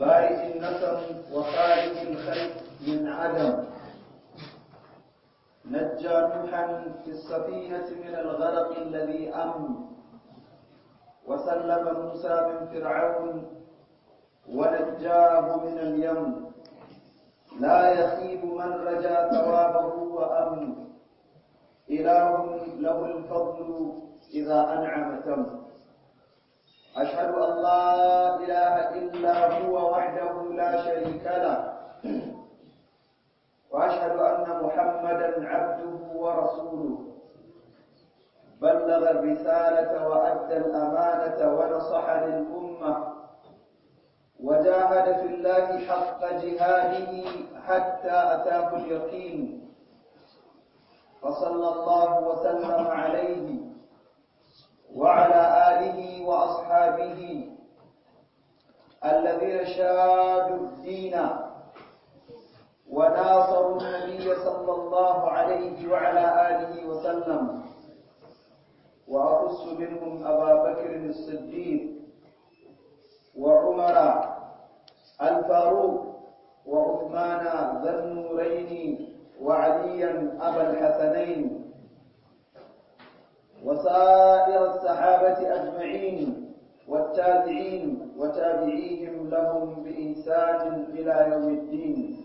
بارز النسب وخالق الخلق من عدم نجى نوحا في السفينة من الغرق الذي أم وسلم موسى من فرعون ونجاه من اليم لا يخيب من رجا ثوابه وأمن إله له الفضل إذا أنعم تم أشهد أن لا إله إلا هو وحده لا شريك له وأشهد أن محمدا عبده ورسوله بلغ الرسالة وأدى الأمانة ونصح للأمة وجاهد في الله حق جهاده حتى أتاه اليقين فصلى الله وسلم عليه وعلى آله وأصحابه الذين شادوا الدين وناصروا النبي صلى الله عليه وعلى آله وسلم وأخص منهم أبا بكر الصديق وعمر الفاروق وعثمان ذا النورين وعليا أبا الحسنين وسائر الصحابة أجمعين والتابعين وتابعيهم لهم بإنسان إلى يوم الدين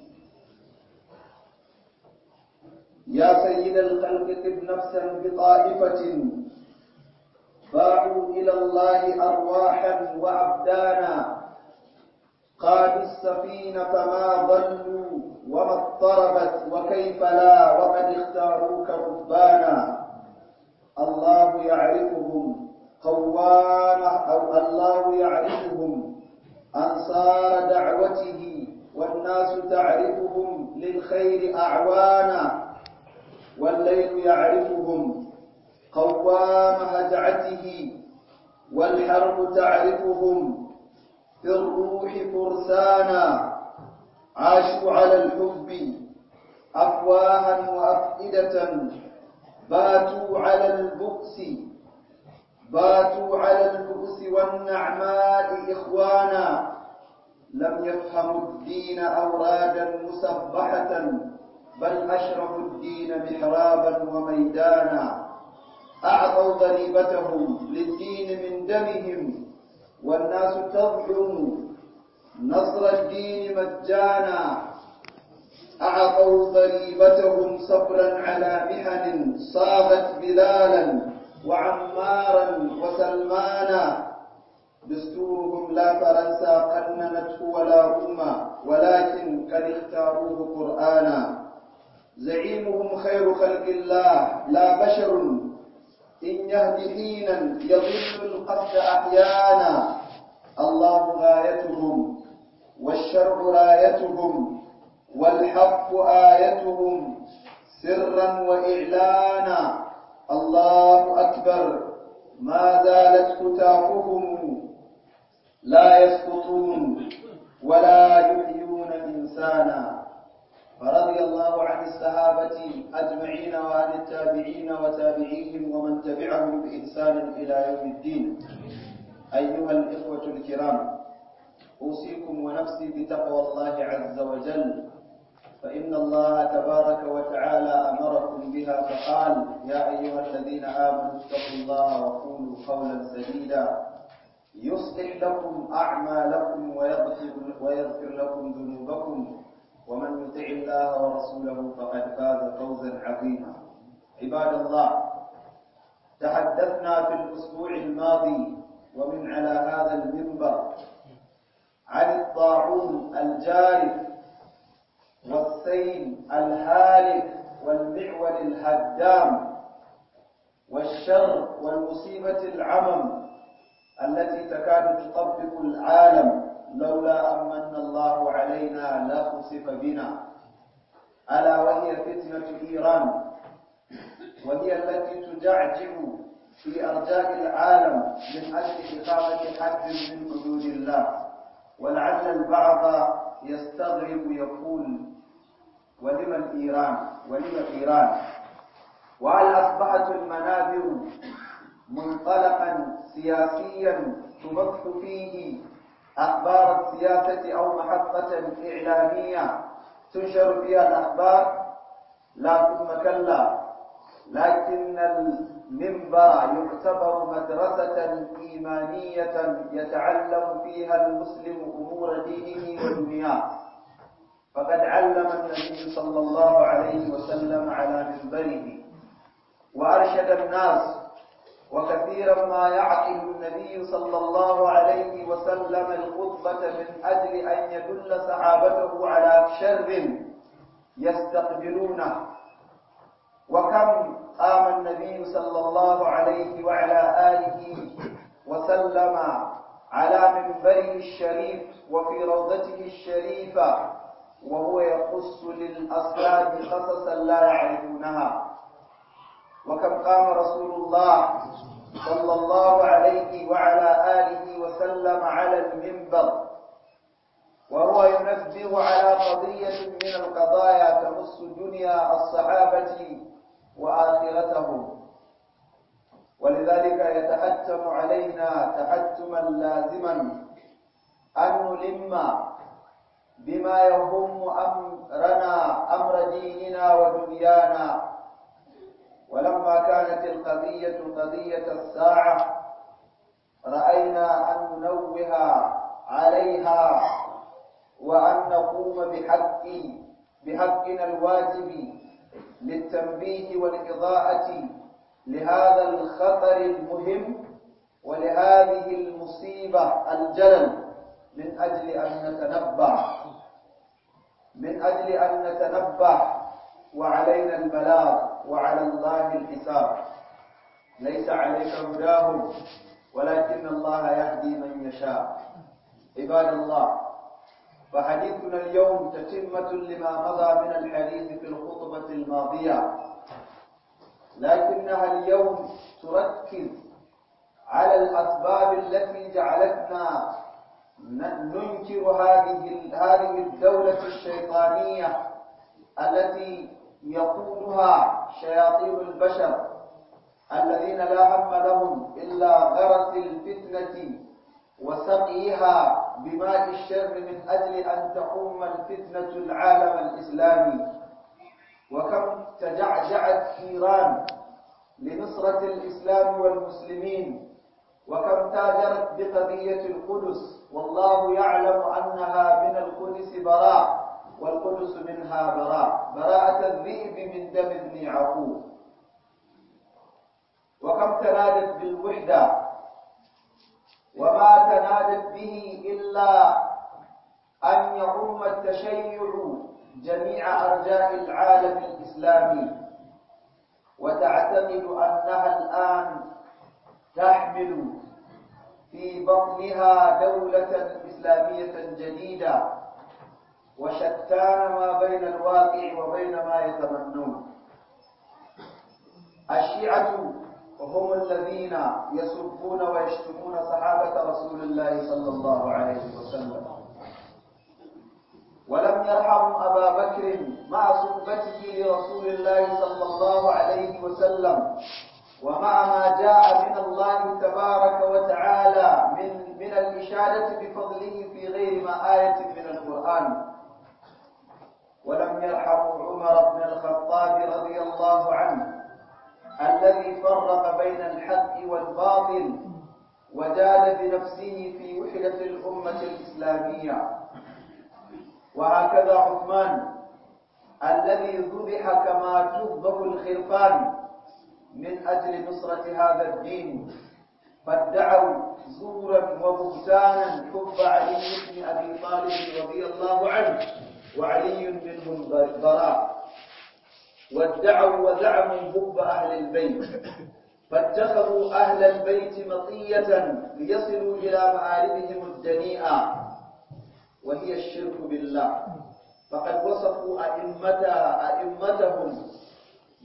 يا سيد الخلق طب نفسا بطائفة باعوا إلى الله أرواحا وأبدانا قادوا السفينة ما ضلوا وما اضطربت وكيف لا وقد اختاروك ربانا الله يعرفهم قوام أو الله يعرفهم أنصار دعوته والناس تعرفهم للخير أعوانا والليل يعرفهم قوام هجعته والحرب تعرفهم في الروح فرسانا عاشوا على الحب أفواها وأفئدة باتوا على البؤس باتوا على البؤس والنعماء إخوانا لم يفهموا الدين أورادا مسبحة بل أشرفوا الدين محرابا وميدانا أعطوا ضريبتهم للدين من دمهم والناس تظلم نصر الدين مجانا أعطوا ضريبتهم صبرا على محن صاغت بلالا وعمارا وسلمانا دستورهم لا فرنسا قننته ولا أمة ولكن قد اختاروه قرآنا زعيمهم خير خلق الله لا بشر إن يهدي حينا يضل القصد أحيانا الله غايتهم والشر رايتهم والحق آيتهم سرا وإعلانا الله أكبر ما زالت كتابهم لا يسقطون ولا يحيون إنسانا فرضي الله عن الصحابة أجمعين وعن التابعين وتابعيهم ومن تبعهم بإحسان إلى يوم الدين أيها الإخوة الكرام أوصيكم ونفسي بتقوى الله عز وجل فإن الله تبارك وتعالى أمركم بها فقال يا أيها الذين آمنوا اتقوا الله وقولوا قولا سديدا يصلح لكم أعمالكم ويغفر, ويغفر لكم ذنوبكم ومن يطع الله ورسوله فقد فاز فوزا عظيما عباد الله تحدثنا في الأسبوع الماضي ومن على هذا المنبر عن الطاعون الجارف والسيل الهالك والمعول الهدام والشر والمصيبة العمم التي تكاد تطبق العالم لولا أمن الله علينا لخسف بنا ألا وهي فتنة إيران وهي التي تجعجع في أرجاء العالم من أجل إقامة حد من حدود الله ولعل البعض يستغرب يقول ولم الإيران ولم الإيران وهل أصبحت المنابر منطلقا سياسيا تبث فيه أخبار السياسة أو محطة إعلامية تنشر فيها الأخبار لا ثم كلا لكن المنبر يعتبر مدرسة إيمانية يتعلم فيها المسلم أمور دينه ودنياه فقد علم النبي صلى الله عليه وسلم على منبره وأرشد الناس وكثيرا ما يعقل النبي صلى الله عليه وسلم الخطبة من أجل أن يدل صحابته على شر يستقبلونه وكم قام النبي صلى الله عليه وعلى آله وسلم على منبره الشريف وفي روضته الشريفة وهو يقص للاصحاب قصصا لا يعرفونها وكم قام رسول الله صلى الله عليه وعلى آله وسلم على المنبر وهو ينبه على قضية من القضايا تمس دنيا الصحابة وآخرتهم ولذلك يتحتم علينا تحتما لازما أن نلم بما يهم أمرنا أمر ديننا ودنيانا ولما كانت القضية قضية الساعة رأينا أن ننوه عليها وأن نقوم بحق بحقنا الواجب للتنبيه والإضاءة لهذا الخطر المهم ولهذه المصيبة الجلل من أجل أن نتنبه من أجل أن نتنبه وعلينا البلاغ وعلى الله الحساب ليس عليك هداهم ولكن الله يهدي من يشاء عباد الله فحديثنا اليوم تتمة لما مضى من الحديث في الخطبة الماضية لكنها اليوم تركز على الأسباب التي جعلتنا ننكر هذه هذه الدولة الشيطانية التي يقودها شياطين البشر الذين لا هم لهم إلا غرس الفتنة وسقيها بماء الشر من أجل أن تقوم الفتنة العالم الإسلامي وكم تجعجعت إيران لنصرة الإسلام والمسلمين وكم تاجرت بقضية القدس والله يعلم أنها من القدس براء والقدس منها براء براءة الذئب من دم ابن يعقوب وكم تنادت بالوحدة وما تنادت به إلا أن يعم التشيع جميع أرجاء العالم الإسلامي وتعتقد أنها الآن تحمل في بطنها دولة إسلامية جديدة وشتان ما بين الواقع وبين ما يتمنون الشيعة هم الذين يسبون ويشتمون صحابة رسول الله صلى الله عليه وسلم ولم يرحم أبا بكر مع صحبته لرسول الله صلى الله عليه وسلم ومع ما جاء من الله تبارك وتعالى من من الإشادة بفضله في غير ما آية من القرآن ولم يرحم عمر بن الخطاب رضي الله عنه الذي فرق بين الحق والباطل وجاد بنفسه في وحدة الأمة الإسلامية وهكذا عثمان الذي ذبح كما تذبح الخرفان من أجل نصرة هذا الدين فادعوا زورا وبهتانا حب علي بن أبي طالب رضي الله عنه وعلي منهم براء وادعوا وزعموا حب أهل البيت فاتخذوا أهل البيت مطية ليصلوا إلى مآربهم الدنيئة وهي الشرك بالله فقد وصفوا أئمتهم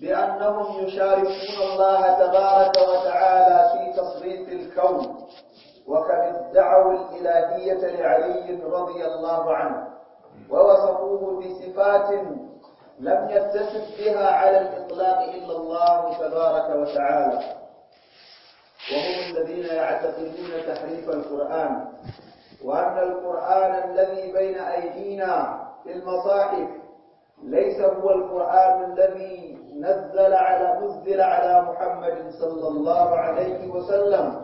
لأنهم يشاركون الله تبارك وتعالى في تصريف الكون وكم ادعوا الإلهية لعلي رضي الله عنه ووصفوه بصفات لم يتصف بها على الإطلاق إلا الله تبارك وتعالى وهم الذين يعتقدون تحريف القرآن وأن القرآن الذي بين أيدينا في المصاحف ليس هو القرآن الذي نزل على نزل على محمد صلى الله عليه وسلم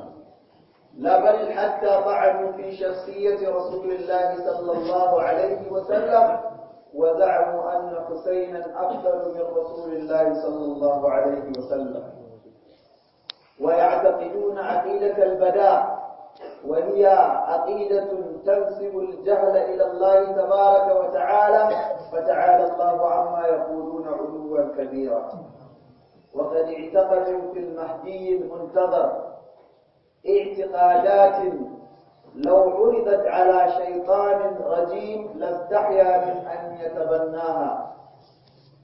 لا بل حتى طعنوا في شخصية رسول الله صلى الله عليه وسلم وزعموا أن حسينا أفضل من رسول الله صلى الله عليه وسلم ويعتقدون عقيدة البداء وهي عقيدة تنسب الجهل إلى الله تبارك وتعالى فتعالى الله عما يقولون علوا كبيرا وقد اعتقدوا في المهدي المنتظر اعتقادات لو عرضت على شيطان رجيم لاستحيا من أن يتبناها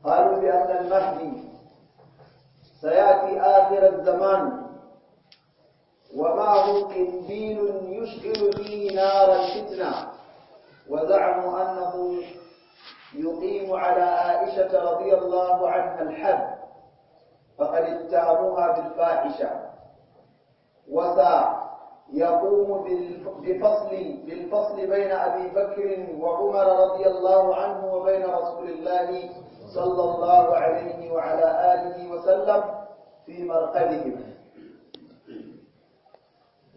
قالوا بأن المهدي سيأتي آخر الزمان ومعه قنديل يشعل فيه نار الفتنة وزعموا أنه يقيم على عائشة رضي الله عنها الحد فقد اتهموها بالفاحشة وذا يقوم بفصل بالفصل بين أبي بكر وعمر رضي الله عنه وبين رسول الله صلى الله عليه وعلى آله وسلم في مرقدهم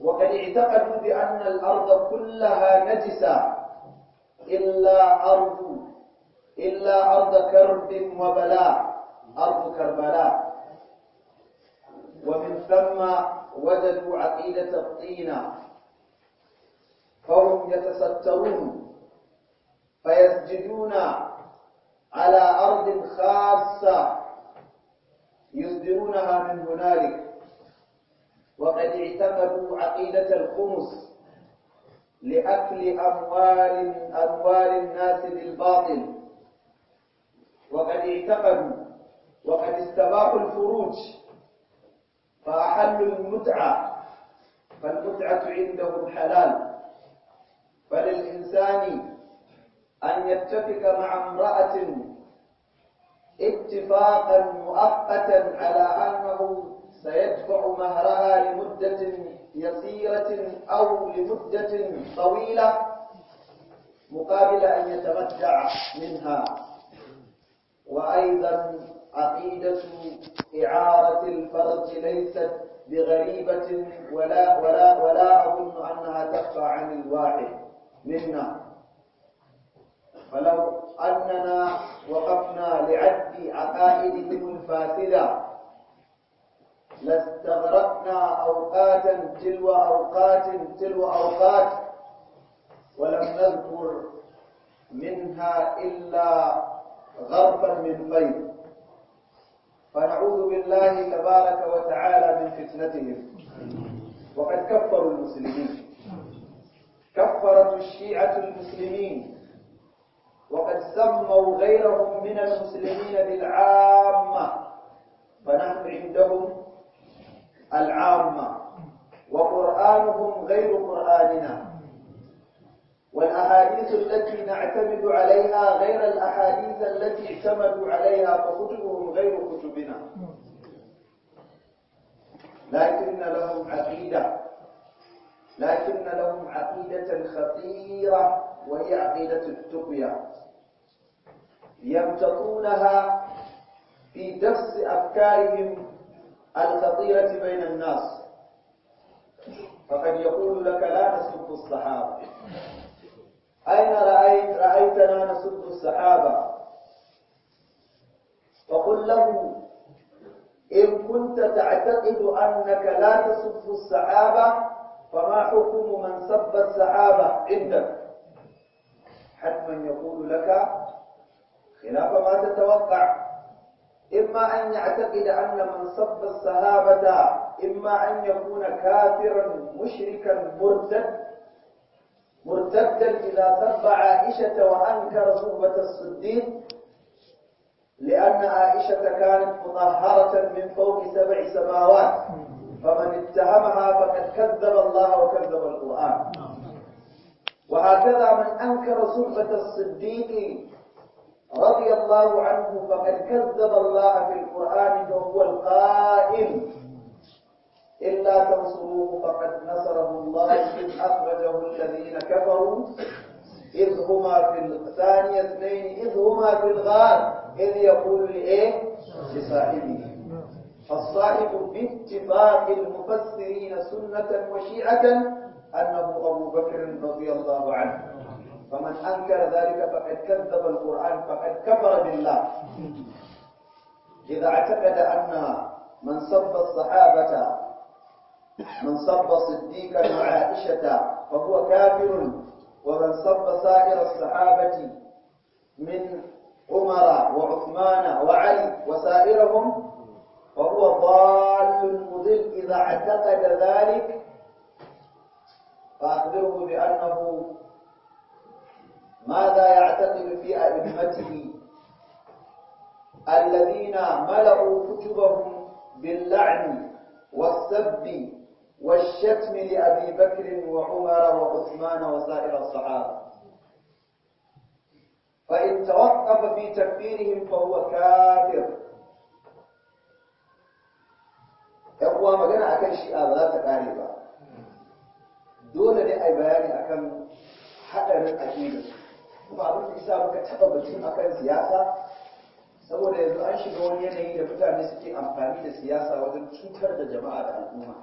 وقد اعتقدوا بأن الأرض كلها نجسة إلا أرض إلا أرض كرب وبلاء أرض كربلاء ومن ثم وجدوا عقيدة الطينة فهم يتسترون فيسجدون على أرض خاصة يصدرونها من هنالك وقد اعتقدوا عقيدة الخمس لأكل أموال أموال الناس بالباطل وقد اعتقدوا وقد استباحوا الفروج فأحلوا المتعة فالمتعة عندهم حلال فللإنسان أن يتفق مع امرأة اتفاقا مؤقتا على أنه سيدفع مهرها لمدة يسيرة أو لمدة طويلة مقابل أن يتمتع منها وأيضا عقيدة إعارة الفرج ليست بغريبة ولا ولا ولا أظن أنها تخفى عن الواحد منا فلو أننا وقفنا لعد عقائدهم الفاسدة لاستغرقنا أوقاتا تلو أوقات تلو أوقات ولم نذكر منها إلا غربا من فيض فنعوذ بالله تبارك وتعالى من فتنتهم وقد كفروا المسلمين كفرت الشيعة المسلمين وقد سموا غيرهم من المسلمين بالعامة فنحن عندهم العامة وقرآنهم غير قرآننا والأحاديث التي نعتمد عليها غير الأحاديث التي اعتمدوا عليها فكتبهم غير كتبنا لكن لهم عقيدة لكن لهم عقيدة خطيرة وهي عقيدة التقوية يمتقونها في دفس أفكارهم الخطيرة بين الناس فقد يقول لك لا نسب الصحابة أين رأيت رأيتنا نسب الصحابة فقل له إن كنت تعتقد أنك لا تسب الصحابة فما حكم من سب الصحابة عندك حتما يقول لك خلاف ما تتوقع إما أن يعتقد أن من صب الصحابة إما أن يكون كافرا مشركا مرتد مرتدا إذا سب عائشة وأنكر صحبة الصديق لأن عائشة كانت مطهرة من فوق سبع سماوات فمن اتهمها فقد كذب الله وكذب القرآن نعم. وهكذا من أنكر صحبة الصديق رضي الله عنه فقد كذب الله في القرآن فهو القائل إلا تنصروه فقد نصره الله إذ أخرجه الذين كفروا إذ هما في ثاني اثنين إذ هما في الغار إذ يقول لإيه؟ لصاحبه فالصاحب باتفاق المفسرين سنة وشيعة أنه أبو بكر رضي الله عنه فمن أنكر ذلك فقد كذب القرآن فقد كفر بالله إذا اعتقد أن من سب الصحابة من سب صديقا وعائشة فهو كافر ومن سب سائر الصحابة من عمر وعثمان وعلي وسائرهم فهو ضال مضل إذا اعتقد ذلك فأخبره بأنه ماذا يعتقد في أئمته الذين ملأوا كتبهم باللعن والسب والشتم لأبي بكر وعمر وعثمان وسائر الصحابة فإن توقف في تكفيرهم فهو كافر يقوى مجانا أكل شيء ولا تقاربا دون لأي بيان أكن حقا اكيدا kuma abin da isa muka taɓa batun akan siyasa saboda yanzu an shiga wani yanayi da mutane suke amfani da siyasa wajen cutar da jama'a da al'umma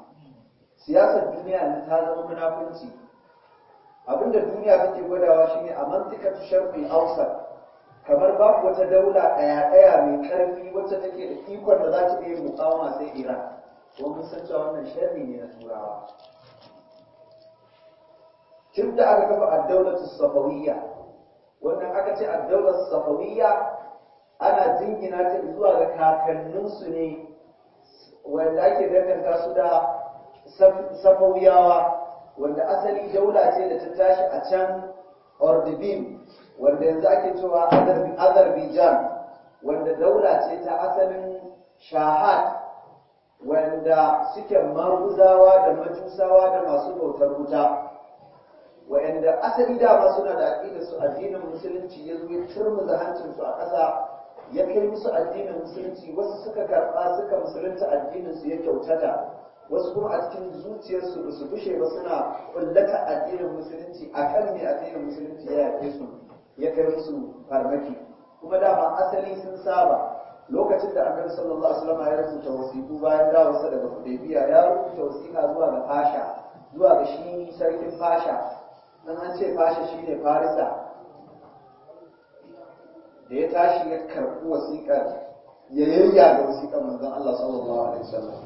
siyasar duniya ta zama munafunci abinda duniya take gwadawa shine a mantika tashar sharfi hausa. kamar babu wata daula ɗaya ɗaya mai ƙarfi wacce take da ikon da za ta iya mukawama sai iran ko mun san cewa wannan sharri ne na turawa tun da aka kafa addaular safawiyya wannan aka ce addaular safawiyya ana jingina ta zuwa ga kakanninsu ne wanda ake danganta su da safawiyawa wanda asali daula ce da ta tashi a can ordibin wanda yanzu ake cewa azerbaijan wanda daula ce ta asalin shahad wanda suke maruzawa da majusawa da masu bautar wuta wayanda asali dama suna da aƙidar su addinin musulunci ya zo ya turmuza a ƙasa ya kai musu addinin musulunci wasu suka karɓa suka musulunta addinin su ya kyautata wasu kuma a cikin zuciyarsu ba su bushe ba suna kullata addinin musulunci a kan ne addinin musulunci ya yafe su ya kai musu farmaki kuma dama asali sun saba lokacin da annabi sallallahu alaihi wasallam ya rubuta wasiƙu bayan dawowarsa daga Hudaybiya ya rubuta wasiƙa zuwa ga Fasha zuwa ga shi sarkin Fasha dan an ce fashi ne farisa da ya tashi ya karɓi wasiƙar ya yayya da wasiƙar manzon Allah sallallahu alaihi wasallam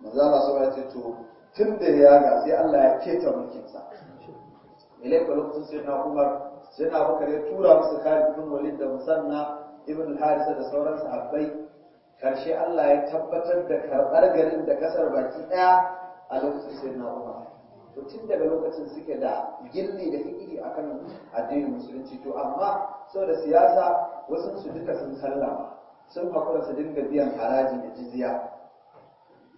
manzon Allah sallallahu alaihi wasallam to tun da ya ga sai Allah ya keta mulkin sa ilai ko lokacin sai na Umar sai na Abubakar ya tura musu Khalid bin Walid da Musanna ibn harisa da sauran sahabbai karshe Allah ya tabbatar da karɓar garin da kasar baki ɗaya a lokacin sai na Umar to tun daga lokacin suke da gilli da fikiri kan addinin musulunci to amma sau da siyasa wasu su duka sun sallama sun hakura su dinga biyan haraji da jizya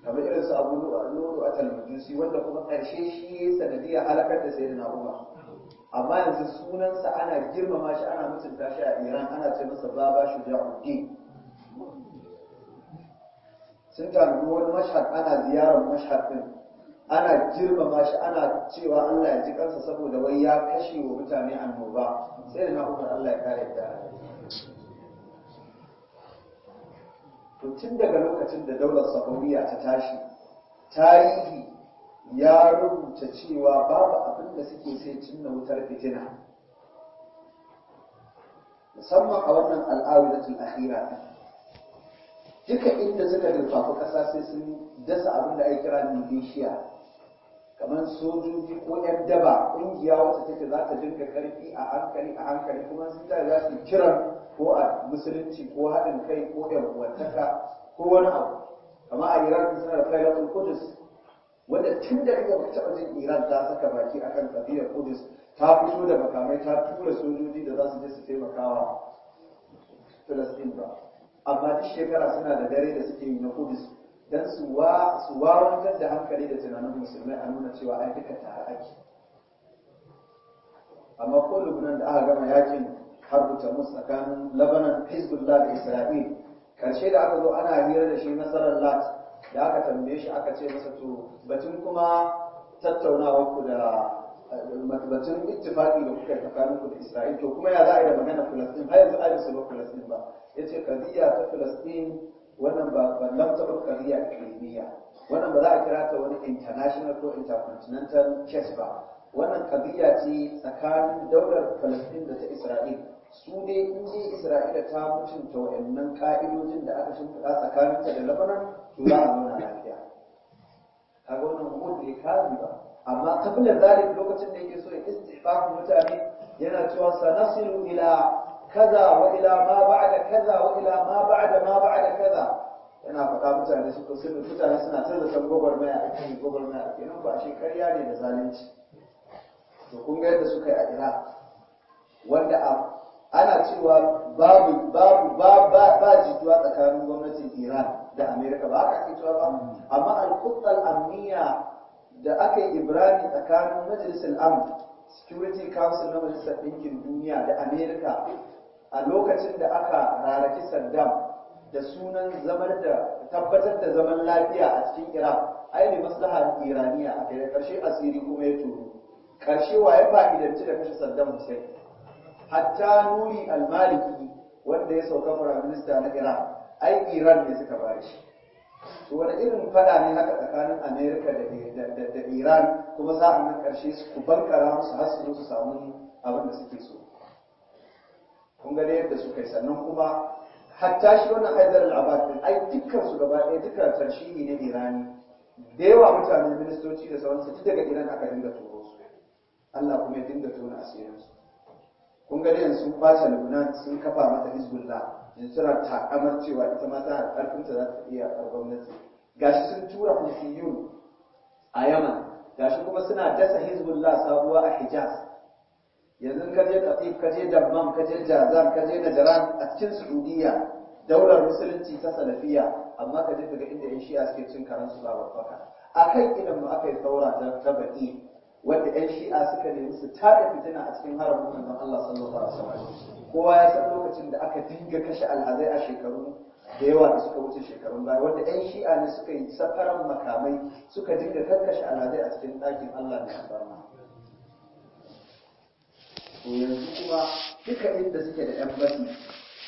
kamar irin su abu lulu a talmudusi wanda kuma ƙarshe shi ya sanadiyya halakar da da umar amma yanzu sunansa ana girmama shi ana mutunta shi a iran ana ce masa baba shuja'uddin sun taruwa wani mashhad ana ziyarar mashhad din ana girmama shi ana cewa Allah ya ji kansa saboda wai ya kashe wa mutane annoba sai da na umar Allah ya kare da to tun daga lokacin da daular safawiya ta tashi tarihi ya rubuta cewa babu abin da suke sai cinna wutar fitina musamman a wannan al'awidatul akhira duka inda suka rufafi ƙasa sai sun dasa abin da ake kira militia kamar sojoji ko yan daba ƙungiya wacce take za ta dinga karfi a hankali a hankali kuma sun ta za su kira ko a musulunci ko haɗin kai ko yankuwantaka ko wani abu kamar a iran suna da kailatul kudus wanda tun da kaga taɓa jin iran ta saka baki akan tafiyar kudus ta fito da makamai ta tura sojoji da za su je su taimakawa filastin ba amma duk shekara suna da dare da suke yi na kudus dan su wawantar da hankali da tunanin musulmai a nuna cewa ai duka tare ake amma ko lubnan da aka gama yakin harbuta musu tsakanin labanan hezbollah da isra'il karshe da aka zo ana hira da shi nasarar lat da aka tambaye shi aka ce masa to batun kuma tattaunawar ku da batun ittifaqi da kuka tsakanin ku da isra'il to kuma ya za a yi da magana filastin har yanzu a yi ba filastin ba yace ce kadiya ta filastin wannan ba ba lamtaɓa kirimiya wannan ba za a kira ta wani international ko intercontinental case ba wannan kabiya ce tsakanin daular palestine da ta isra'il su dai in isra'ila ta mutunta wa'annan ka'idojin da aka shimfiɗa ta da labanan to za a nuna lafiya kaga wannan hukumar ka kazi ba amma da zalik lokacin da yake so ya istihbabu mutane yana cewa sanasiru ila kaza wa ila ma ba'da kaza wa ila ma ba'da ma ba'da kaza yana faɗa mutane su ko sun mutane suna ta da san gwagwarmaya a kan gwagwarmaya kenan ba shi karya ne da zalunci to kun ga yadda suka yi a ira wanda ana cewa babu babu ba ba jituwa tsakanin gwamnatin Iran da Amerika ba aka ake cewa ba amma al-quttal amniya da aka yi Ibrahim tsakanin majalisar amn security council na majalisar ɗinkin duniya da Amerika a lokacin da aka raraki Saddam da sunan zamar da tabbatar da zaman lafiya a cikin Iraq ai ne maslaha Iraniya a kai karshe asiri kuma ya turu karshe wa ya fa'idanci da kashe Saddam Hussein hatta Nuri Almaliki, wanda ya sauka fara minista na Iraq ai Iran ne suka bari shi to wani irin fada ne haka tsakanin Amerika da Iran kuma za a nan karshe su kubankara su hasu su samu abin da suke so kun ga yadda suka yi sannan kuma hatta shi wannan haidar al'abad din ai dukkan su gaba ɗaya dukkan tarshihi ne irani da yawa mutane ministoci da sauransu duk daga iran aka dinga turo su Allah kuma ya dinga tona asirin su kun ga yanzu sun kwace Lebanon sun kafa mata Hezbollah yanzu tana takamar cewa ita ma za a za ta iya gwamnati gashi sun tura Husiyun a Yaman gashi kuma suna dasa Hezbollah sabuwa a Hijaz yanzu ka je katif ka je dammam ka je jazan ka je najaran a cikin saudiya daular musulunci ta salafiya amma ka je daga inda yan shi'a suke cin karan su akan idan mu aka yi saura ta tabaki wanda yan shi'a suka nemi su tada fitina a cikin haramun manzon Allah sallallahu alaihi wasallam kowa ya san lokacin da aka dinga kashe alhazai a shekaru da yawa da suka wuce shekarun baya wanda yan shi'a ne suka yi safaran makamai suka dinga kakkashe alhazai a cikin ɗakin Allah da albarma to yanzu kuma duka inda suke da 'yan basi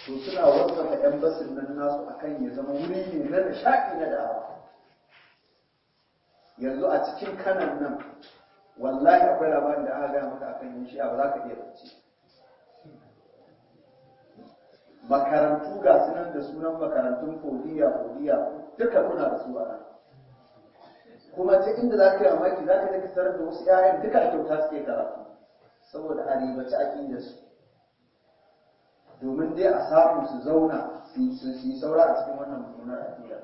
to suna wasafa 'yan basin nan nasu akan ya zama wuri ne na nishaɗi na da'awa yanzu a cikin kanan nan wallahi akwai labarin da aka gaya maka akan yin shi ba za ka iya bacci makarantu ga sunan da sunan makarantun fodiya fodiya duka kuna da su a nan kuma ta inda za ka yi mamaki za ka ta da wasu 'ya'yan duka a kyauta suke karatu saboda a ribaci su, domin dai a samu su zauna su yi saura a cikin wannan mummunar aƙida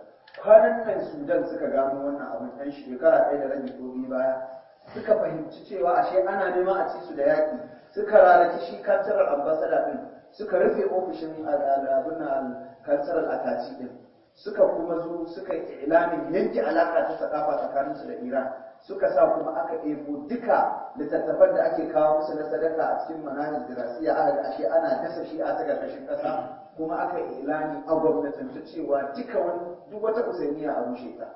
kwanan nan sudan suka gano wannan abin ɗan shekara ɗaya da rabi ko biyu baya suka fahimci cewa ashe ana neman a ci su da yaƙi suka ranaci shi kantarar ambasada ɗin suka rufe ofishin al'adun kantarar ataci ɗin suka kuma zo suka yi ilamin yanke alaƙa ta sakafa tsakaninsu da iran suka sa kuma aka ɗebo duka littattafan da ake kawo musu na sadaka a cikin manhajar dirasiya aka ashe ana dasa shi a ta ƙarƙashin ƙasa kuma aka ilani a gwamnatance cewa duka wani duk wata usainiya a rushe ta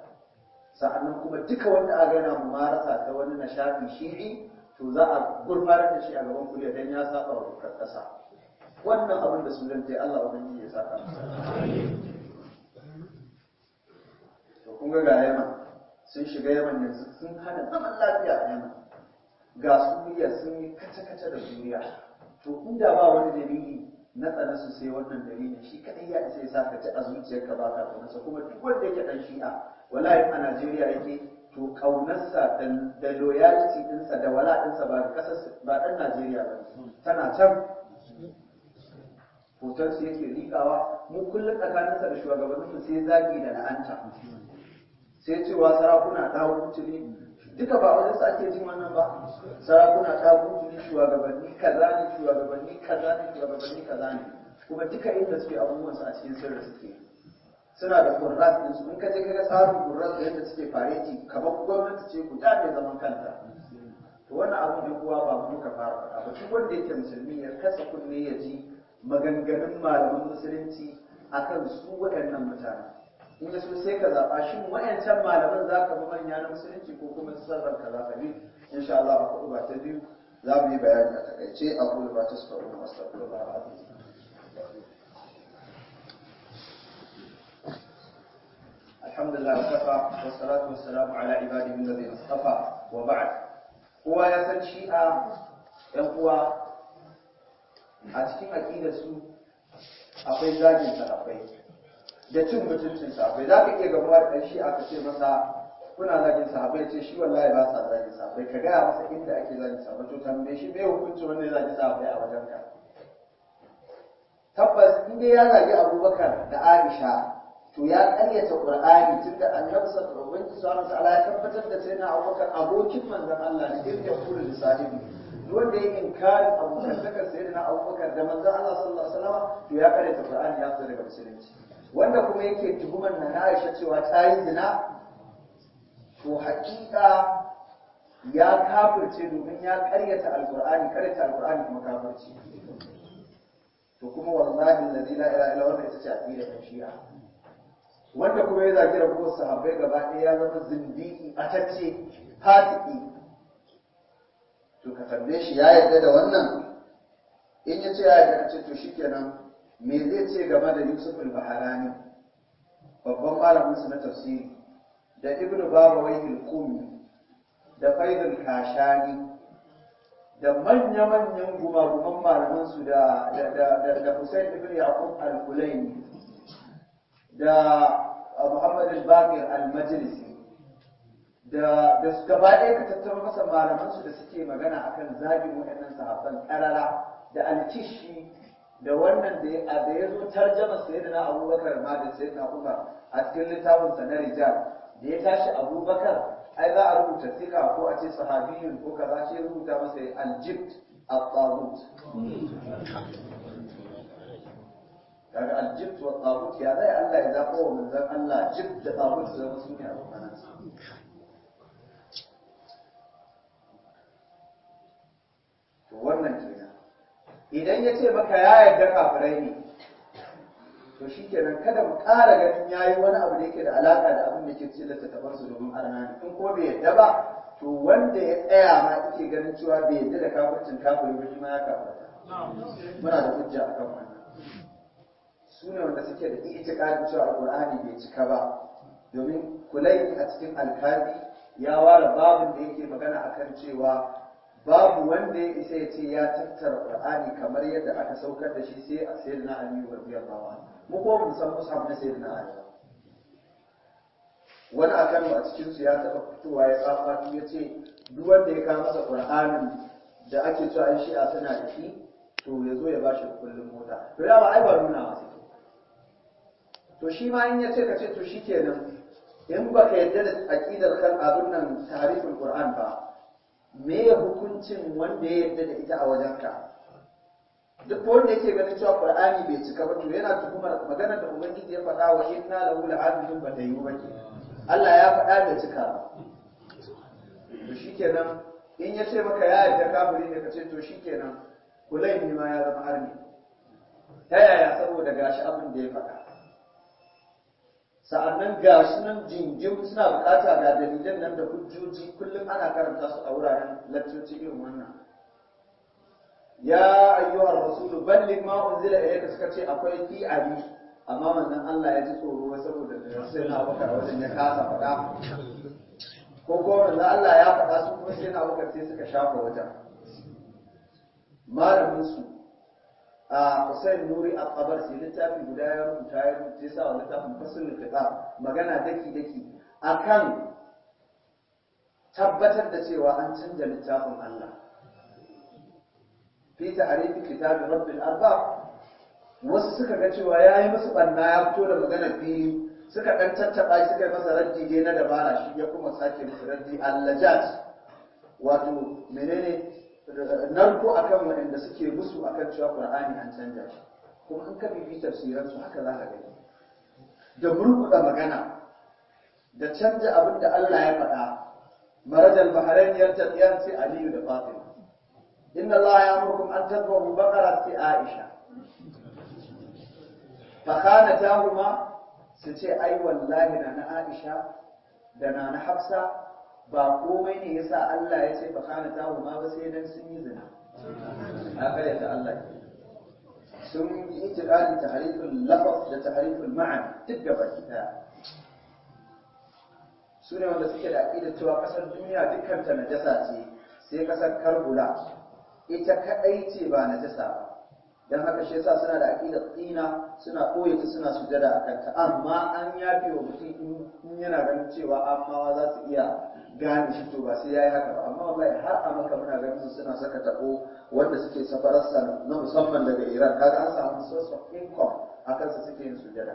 sa'annan kuma duka wanda aka yana marasa ta wani na shafi shiri to za a gurfanar da shi a gaban kuliya don ya saba wa dokar ƙasa wannan abin da sunan ta Allah ubangiji ya saka masa to kun ga ga sun shiga yaman yanzu sun hana zaman lafiya a yaman ga sun yi kace-kace da duniya to inda ba wani dalili na tsana su sai wannan dalilin shi kadai ya isa ya sa ka ci a zuciyarka ba ka kaunarsa kuma duk wanda yake dan shi'a wallahi a Najeriya yake to kaunarsa da loyalty ɗinsa da wala ɗinsa ba kasar ba dan Najeriya ba tana can hoton sai yake rikawa mu kullun tsakaninsa da shugabanninsu sai zagi da na'anta sai cewa sarakuna ta hukunci ne duka ba wajen sa jin wannan ba sarakuna ta hukunci ne shugabanni kaza ne shugabanni kaza ne shugabanni kaza ne kuma duka inda suke abubuwan su a cikin sirri suke suna da kurrat din su in ka je ga tsarin kurrat da yadda suke fareti kamar gwamnati ce ku mai zaman kanta to wannan abin da kuwa ba mu ka fara faɗa ba duk wanda yake musulmi ya kasa kunne ya ji maganganun malaman musulunci akan su waɗannan mutane in yasu sai ka zaɓa shi wayancan malaman za ka bi manya na musulunci ko kuma sarrafa ka za ka bi in sha Allah ba kuɗu ba ta biyu za mu yi bayani a taƙaice a kuɗu ba ta sukaru na masu ɗaukar ba ba alhamdulillah mustafa wa salatu wa salam ala ibadi min da mustafa wa ba'd kowa ya san shi a ɗan uwa a cikin aƙidar su akwai zagin akwai. da cin mutuncin sahabai za ka iya gamuwa da ɗan aka ce masa kuna zagin sahabai ce shi wallahi ba sa zagin sahabai ka gaya masa inda ake zagin sahabai to tambaye shi me hukunci wanda ya zagi sahabai a wajen ka tabbas in dai ya zagi abubakar da aisha to ya karyata qur'ani da annabi sallallahu alaihi wasallam ya tabbatar da sayyidina abubakar abokin manzon Allah ne irin ya kula da sahibi wanda ya inkari abokan saka sayyidina abubakar da manzon Allah sallallahu alaihi wasallam to ya karyata qur'ani ya fita daga musulunci wanda kuma yake tuhumar na Aisha cewa ta yi zina to hakika ya kafirce domin ya karyata alkur'ani karyata alkur'ani kuma kafirce to kuma wallahi allazi ila ila ila wanda ita ce aqida ta shi'a wanda kuma ya zaki kuma sahabbai gaba ɗaya ya zama zindiki atacce fatiki to ka tambaye shi ya yarda da wannan in ya ce ya yarda ce to shikenan me zai ce game da Yusuf al-Baharani babban malamin su na tafsiri da Ibn Babawai al-Qumi da Faid al-Kashani da manya-manyan gumaguman malaman su da da da Hussein ibn Yaqub al-Kulayni da Muhammad al-Baqir al-Majlisi da da su gaba ɗaya ka tattara masa malaman su da suke magana akan zagin waɗannan sahabban ƙarara da alkishi da wannan da a da ya zo tarjama sayyidina abubakar ma da sayyidina umar a cikin littafin sa na rijal da ya tashi abubakar ai za a rubuta sika ko a ce sahabiyun ko kaza shi rubuta masa aljibt at-tagut kaga aljibt wa tagut ya zai Allah ya zaba wa manzon Allah jibt da tagut da musulmi a rubuta idan ya ce maka ya yarda kafirai ne to shi ke nan kada mu ƙara ganin ya yi wani abu da yake da alaƙa da abin da ke da ta su domin arna in ko bai yarda ba to wanda ya tsaya ma yake ganin cewa bai yarda da kafircin kafirin ba shi ma ya kafirta muna da hujja a kan wannan su ne wanda suke da ƙarin cewa alƙur'ani bai cika ba domin kulai a cikin alkali ya ware babin da yake magana akan cewa babu wanda ya isa ya ce ya tattara qur'ani kamar yadda aka saukar da shi sai a sayar na radiyallahu bawa mu kuma mun san musab na sayyidina wani a kano a cikin su ya taɓa fitowa ya tsafa ya ce duk wanda ya kawo masa qur'anin da ake cewa ai shi'a suna da shi to ya zo ya bashi kullum mota to ya ba ai ba nuna masa to shi ma in ya ce ka ce to nan, in baka yadda da aqidar kan abin nan tarihin qur'an ba me ya hukuncin wanda ya yarda da ita a wajenka duk wanda yake ganin cewa qur'ani bai cika ba to yana tuhumar maganar da ubangiji ya faɗa wa inna lahu la'abidun ba dai ba ke Allah ya faɗa da cika to shikenan in ya ce maka ya yarda kafiri ne ka ce to shikenan kulai ne ma ya zama arni ta yaya saboda gashi abin da ya faɗa sa'annan ga shi nan jinjin suna bukata ga dalilan nan da hujjoji kullum ana karanta su a wuraren lantarki irin wannan ya ayyuhar rasulu balli ma unzila ilayka suka ce akwai fi ali amma wannan Allah ya ji tsoro saboda sai na bakar wajen ya kasa faɗa ko ko wannan Allah ya faɗa su kuma sai na bakar sai suka shafa wajen malamin su a usain Nuri a kabar sai littafi guda ya rubuta ya rubuta sa wa littafin fasul liqa magana daki daki kan tabbatar da cewa an canja littafin Allah fi ta'rifi kitabin rabbin arbab wasu suka ga cewa ya yi musu banna ya fito da magana biyu, suka ɗan tattaba suka masa raddi dai na dabara shi ya kuma sake musu raddi allajat wato menene narko akan waɗanda suke musu akan cewa Qur'ani an canja shi kuma an ka bibi tafsiran su haka ka gani da murkuɗa magana da canja abin da Allah ya faɗa marajal bahrain yartaqiyan sai Aliyu da Fatima inna Allah ya amurkum an mu baqara sai Aisha fakana ta tahuma su ce ai wallahi na na Aisha da na na Hafsa ba komai ne yasa Allah ya ce bakana ta ma ba sai dan sun yi zina na kare ta Allah sun yi itiralin tahrifin lafaz da tahrifin ma'an duk da baki daya su ne wanda suke da aƙida cewa ƙasar duniya dukkan ta najasa ce sai ƙasar karbula ita kaɗai ce ba najasa ba dan haka shi yasa suna da aqida tsina suna koyi ta suna sujada a kanta amma an yafe wa mutum in yana ganin cewa amawa za su iya gane shi to ba sai yayi haka ba amma wallahi har a maka muna ganin su suna saka tabo wanda suke safararsa na musamman daga Iran kaga an samu source of income akan su suke yin sujada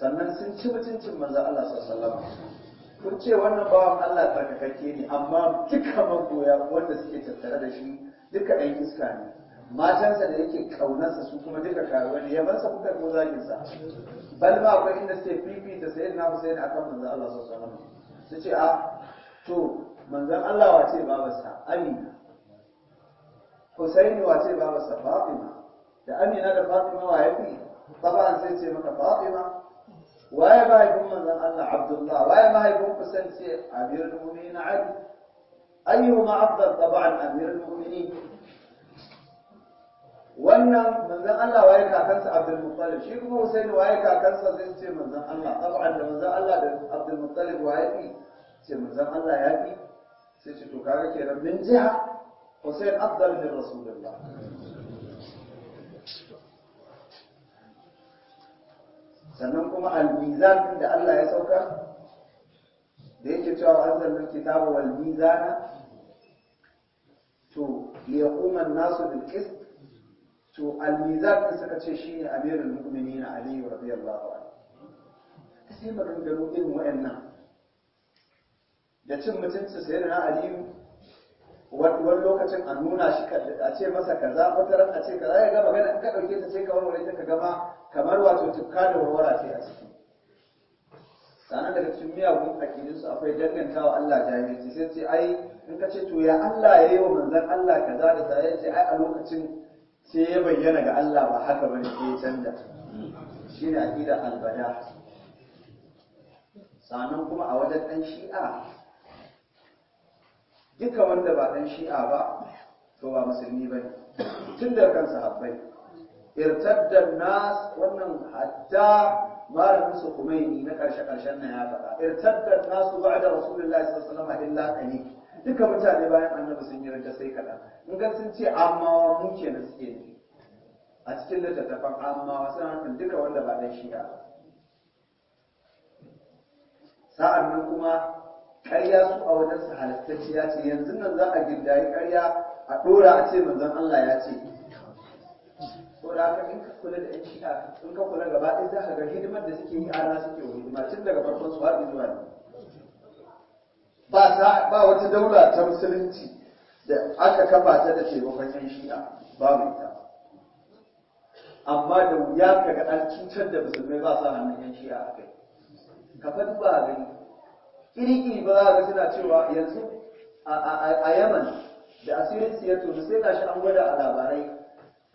sannan sun ci mutuncin manzo Allah sallallahu alaihi wasallam ce wannan bawan Allah tsarkakakke ne amma duka magoya wanda suke tattare da shi duka ɗan iska ne matansa da yake ƙaunarsa su kuma duka karuwa ne sa kuka ko zaginsa bal ma akwai inda suke fifita sayyidina Hussein akan manzan Allah sallallahu alaihi su ce a to manzan Allah wace babarsa Amina Husaini wace babarsa Fatima da Amina da Fatima wa fi? Baba an sai ce maka Fatima waye mahaifin manzon Allah Abdullah waye mahaifin kusance Amirul Mu'minin Ali ayyuhuma afdal tab'an Amirul Mu'minin wannan manzon Allah waye kakansa Abdul Muttalib shi kuma Husaini waye kakansa zai ce manzon Allah tab'an da manzon Allah da Abdul Muttalib waye fi ce manzon Allah ya fi sai ce to kaga kenan min jiha Husain afdal min Rasulullah sannan kuma al-mizan da Allah ya sauka da yake cewa anzalna kitaba wal mizana to li an-nasu bil qist to al-mizan da suka ce shi ne amirul mu'minin Ali radiyallahu anhu sai maganganu irin wa'annan da cin mutunci sayyidina Aliyu. wani lokacin a nuna shi a ce masa kaza wata ran a ce kaza ya ga magana in ka ɗauke ta sai ka warware ta ka gama kamar wato tukka da warwara ce a ciki sannan daga cikin miyagun akidin akwai dangantawa Allah jahilci sai ce ai in ka ce to ya Allah ya yi wa manzon Allah ka za da sai ce ai a lokacin sai ya bayyana ga Allah ba haka bane sai ya canja shine akida albada sannan kuma a wajen ɗan shi'a duka wanda ba dan shi'a ba to ba musulmi ba ne tun da kansa sahabbai irtaddan nas wannan hatta malamin su kumaini na karshe karshen nan ya faɗa irtaddan nas ba'da rasulullahi sallallahu alaihi wasallam illa qalil duka mutane bayan annabi sun yi ranta sai kaɗan in ga sun ce amma mu kenan suke ne a cikin littattafan amma suna nufin duka wanda ba dan shi'a ba sa'an nan kuma ƙarya su a wajen su ya ce yanzu nan za a gindaye ƙarya a ɗora a ce manzon Allah ya ce ko da haka in ka kula da yanki shi'a in ka kula gaba ɗaya za ka ga hidimar da suke yi a ana suke wa hidima tun daga farkon su haɗu zuwa ne ba ba wata daula ta musulunci da aka kafa ta da taimakon yan shi'a ba mai ta amma da wuya kaga an cutar da musulmai ba sa hannun yan shi'a a kai ka fa duba gani iri-iri ba za ga suna cewa yanzu a yaman da asirin siyatu sai gashi an gwada a labarai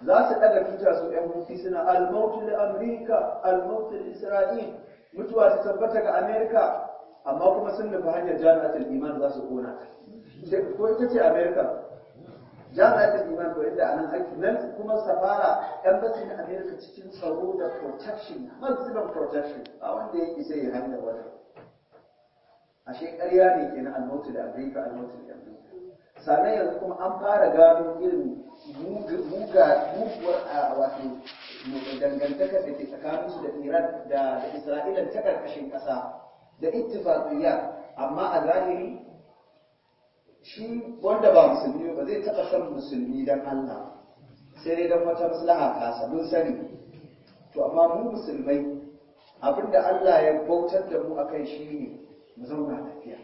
za su daga fita su yan hutu suna almautul amurka almautul isra'il mutuwa ta tabbata ga amerika amma kuma sun nufi hanyar jami'atul iman za su kona ko ita ce amerika jami'atul iman ko yadda anan aiki nan kuma safara yan basu na amerika cikin tsaro da protection maximum protection a wanda ya isa ya hanyar wata. ashe ƙarya ne ke na almautu da amrika almautu da amrika sannan yanzu kuma an fara gano irin muguwar a wato dangantakar da ke su da iran da isra'ilan ta ƙarƙashin ƙasa da ittifaqiyya amma a zahiri shi wanda ba musulmi ba zai taɓa san musulmi don allah sai dai don wata maslaha kasa sabon sani to amma mu musulmai abinda allah ya bautar da mu akan shi ne mu zauna lafiya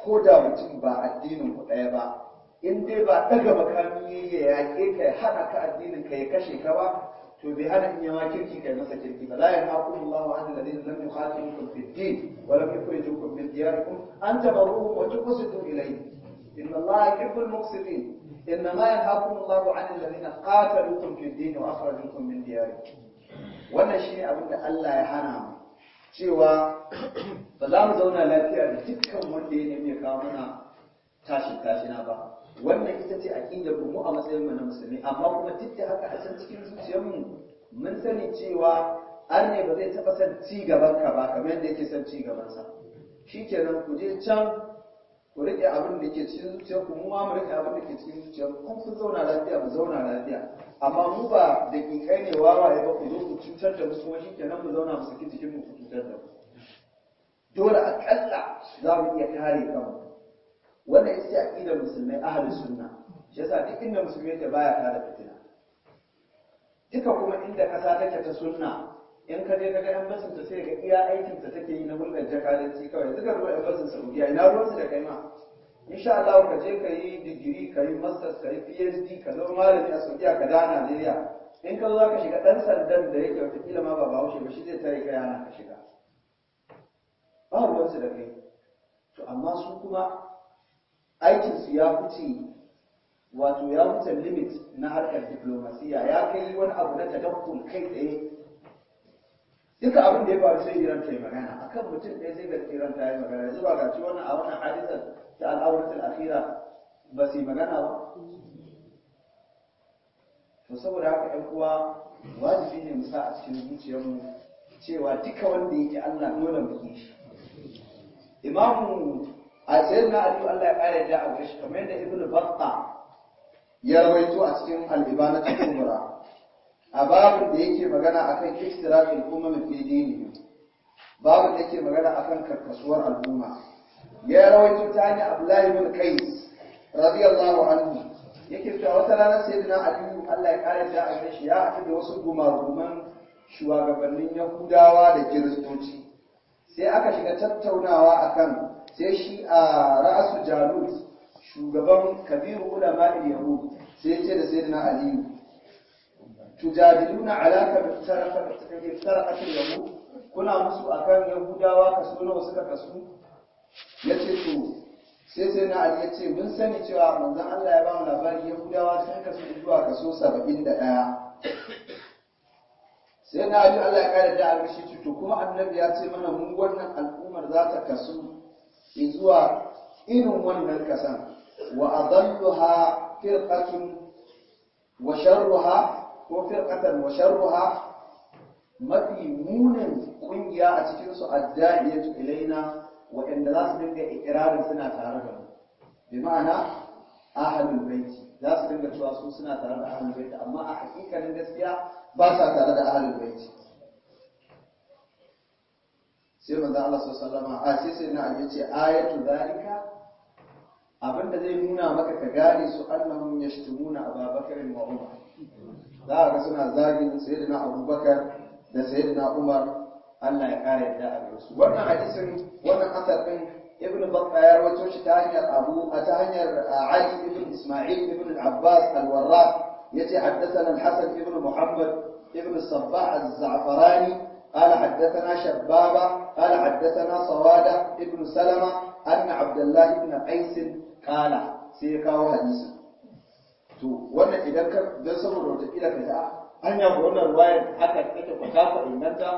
ko da mutum ba addinin ku ɗaya ba in dai ba daga makami ya ke ka ya hana ka addinin ka ya kashe ka ba to bai hana in yawa kirki kai masa kirki ba la yanhaqu lam din wa lam min diyarikum an wa ma din wa min diyarikum wannan shine abin da Allah ya hana mu cewa ba za mu zauna lafiya da dukkan wanda ya nemi ya kawo mana tashi tashi na ba wannan ita ce da mu a matsayin mu na musulmi amma kuma duk da haka a can cikin mu mun sani cewa an ne ba zai taɓa son ci gaban ka ba kamar yadda yake son ci gaban sa shikenan ku je can ku rike abin da ke cikin zuciyar ku mu ma mu rike abin da ke cikin zuciyar ku kun zauna lafiya mu zauna lafiya amma mu ba da kikai ne ya ba ku zo ku cutar da musu wani kenan mu zauna mu saki jikin mu ku cutar da mu dole akalla za mu iya kare kanmu wannan ita ce aqidar musulmai ahlus sunna shi yasa duk inda musulmai ke baya kare fitina duka kuma inda kasa take ta sunna in ka je ka ga yan ta sai ga iya aikin ta take yi na hulɗar jakadanci kawai duka ruwa yan su ubiya ina ruwan su da kai ma insha Allah ka je ka yi digiri ka yi masters ka yi PhD ka zama malami a saudiya ka da Najeriya in ka zo ka shiga ɗan sandan da yake kila ma ba bahaushe ba shi zai tare ka yana ka shiga ba ruwan su da kai to amma su kuma aikin su ya fice wato ya wuce limit na harkar diplomasiya ya kai wani abu na tadakkul kai tsaye duka abin da ya faru sai jiran ta yi magana kan mutum ɗaya sai ga jiran ta yi magana zuba ga ci wannan a wannan hadisar ta al'auratul akhira ba su yi magana ba to saboda haka ɗan uwa wajibi ne mu sa a cikin zuciyarmu cewa duka wanda yake Allah dole mu yi shi imamu a sayyid na aliyu Allah ya ƙara da a kamar yadda ibnu batta ya rawaito a cikin al-ibana a babin da yake magana akan istirafin umma mafi dini babin da yake magana akan karkasuwar al'umma ya rawaito ta hanyar abdullahi bin qais radiyallahu anhu yake cewa wata ranar sayyidina aliyu Allah ya kare ta a shi ya haɗu da wasu gumaguman shugabannin yahudawa da kiristoci sai aka shiga tattaunawa akan sai shi a ra'asu jalut shugaban kabiru ulama yahud sai ya ce da sayyidina aliyu tujadiluna alaka bi sarafat sarafat yahud kuna musu akan yahudawa kaso wasu suka kasu yace to sai sai na ali yace mun sani cewa manzon Allah ya ba mu labari yahudawa sun kasu zuwa kaso 71 sai na ali Allah ya kare da almishi to kuma annabi ya ce mana mun wannan al'ummar za ta kasu zuwa irin wannan kasan wa adalluha firqatun wa sharruha ko firqatan wa sharruha mafi munin ƙungiya a cikin su adda'iyatu ilaina waɗanda za su dinga ikirarin suna tare da mu bi ma'ana ahlul baiti za su dinga cewa su suna tare da ahlul baiti amma a hakikanin gaskiya ba sa tare da ahlul baiti sai manzo Allah sallallahu alaihi a sai sai na aje ayatu zalika abinda zai nuna maka ka gane su annahum yashtumuna Abubakar wa Umar za a ga suna zagin sayyidina abubakar da sayyidina umar allah ya kare yadda a gare su wannan hadisin wannan asar din ibn bakra ya rawaito shi ta hanyar abu ta hanyar ali ibn isma'il ibn abbas al-warraq yace haddathana al-hasan ibn muhammad ibn sabbah az-za'farani قال حدثنا شبابة قال حدثنا صوادة ابن سلمة أن عبد الله بن قيس قال سيكاو حديث to wannan idan ka don saboda wata kila ka ta hanya ga wannan riwayar haka take kwata ka ta?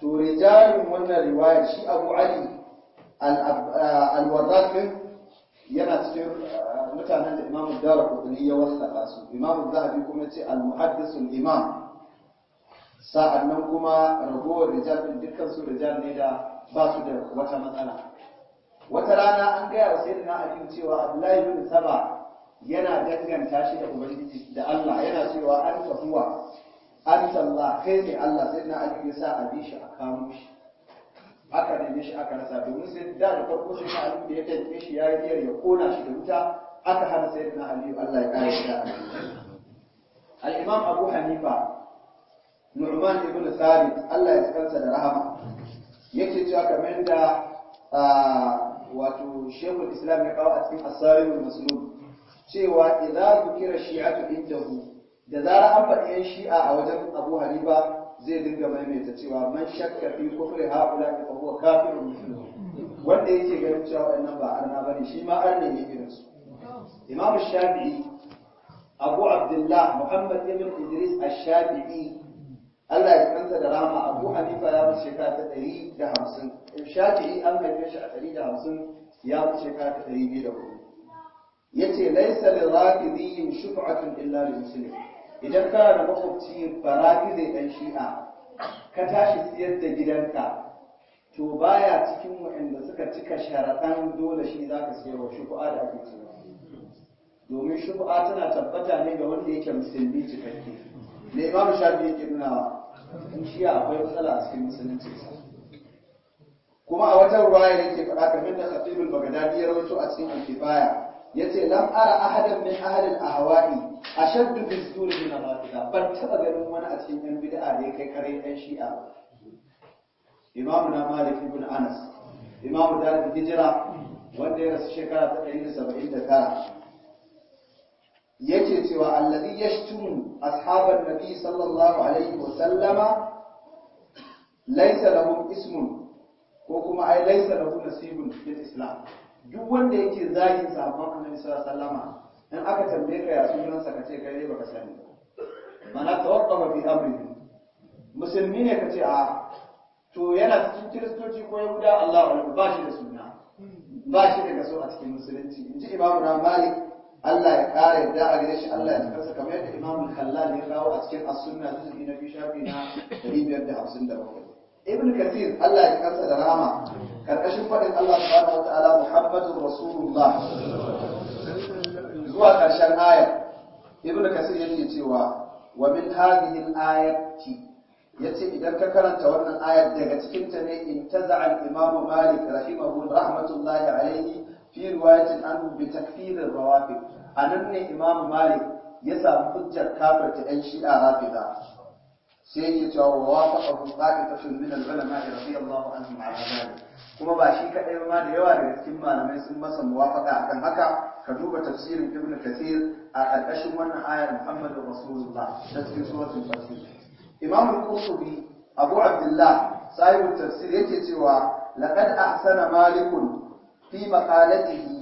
to rijalin wannan riwayar shi Abu Ali ah, al-Warraq yana cikin ah, mutanen da Imam Darqutni ya wasaka su Imam Zahabi kuma ce al-muhaddis al-imam sa'annan kuma rabuwar rijal din dukkan su rijal ne da ba su da wata matsala wata rana an gaya wa sayyidina Ali cewa Abdullahi bin Saba yana danganta shi da ubangiji da Allah yana cewa an huwa an sallah kai ne Allah sai na ali sa a bi shi a kamo shi aka neme shi aka rasa domin sai da da farko sai na ali da ya tanke shi ya yi ya kona shi da wuta aka hana sai na ali Allah ya kare shi da al-imam Abu Hanifa Nu'man ibn Thabit Allah ya tsikarsa da rahama yake cewa kamar da ah, wato Sheikhul Islam ya kawo a cikin Asarin Maslum cewa idza zukira shi'atu indahu da zarar an faɗi yan shi'a a wajen Abu Hanifa zai dinga maimaita cewa man shakka fi kufri haula fa huwa kafirun mithluhu wanda yake ganin cewa wannan ba arna bane shi ma arna ne irin su Imam Shafi'i Abu Abdullah Muhammad ibn Idris Ash-Shafi'i Allah ya kansa da rama Abu Hanifa ya wuce shekara ta 150 Shafi'i an haife shi a 150 ya wuce shekara ta 200 yace laysa li rafidin shuf'atun illa lil muslim idan kana da makwabci zai dan shi'a ka tashi siyar da gidanka to baya cikin waanda suka cika sharaɗan dole shi za ka siyarwa shufu'a da ake cewa domin shufu'a tana tabbata ne ga wanda yake musulmi cikakke ba mu shafi yake wa in shi akwai matsala a cikin musulunci kuma a wata ruwaya yake faɗa kamar da khatibul bagdadi ya rawaito a cikin al-kifaya yace lam ara ahadan min ahli al-ahwa'i ashadd bi zudur min al-rafida ban taba ganin wani a cikin yan bid'a da kai kare yan shi'a imamu na malik ibn anas imamu darul hijra wanda ya rasu shekara ta 179 yake cewa alladhi yashtumu ashaban nabi sallallahu alaihi wa sallama laysa lahum ismun ko kuma ai laysa lahum nasibun fil islam duk wanda yake zagin sabon annabi sallallahu alaihi wasallama in aka tambaye ka ya sunan sa kace kai ne baka sani mana tawaqqafa fi amri musulmi ne kace a to yana cikin kiristoci ko yahuda Allah wa ba shi da sunna ba shi da kaso a cikin musulunci ji imamu na malik Allah ya kare da a gare shi Allah ya tsaka sa kamar yadda imamu khallal ya kawo a cikin as-sunna juz'i na biyu shafi na 557 ibn kasir Allah ya kansa da rahama karkashin faɗin Allah subhanahu wataala muhammadur rasulullah zuwa karshen ayar ibn kasir yake cewa wa min hadhihi al-ayati yace idan ka karanta wannan ayar daga cikin ta ne intaza al-imam malik rahimahu rahmatullahi alayhi fi riwayatin anhu bi takfir ar-rawafid anan ne imam malik ya samu hujjar kafirta ɗan shi'a rafida sai yake cewa wa wafaqahu qa'ifatun min al-ulama radiyallahu anhum ala dhalik kuma ba shi kadai ba da yawa daga cikin malamai sun masa muwafaka. akan haka ka duba tafsirin ibnu kathir a karkashin wannan ayar muhammadu rasulullah ta cikin suratul fatir imam al-qurtubi abu abdullah sahibu tafsir yake cewa laqad ahsana malikun fi maqalatihi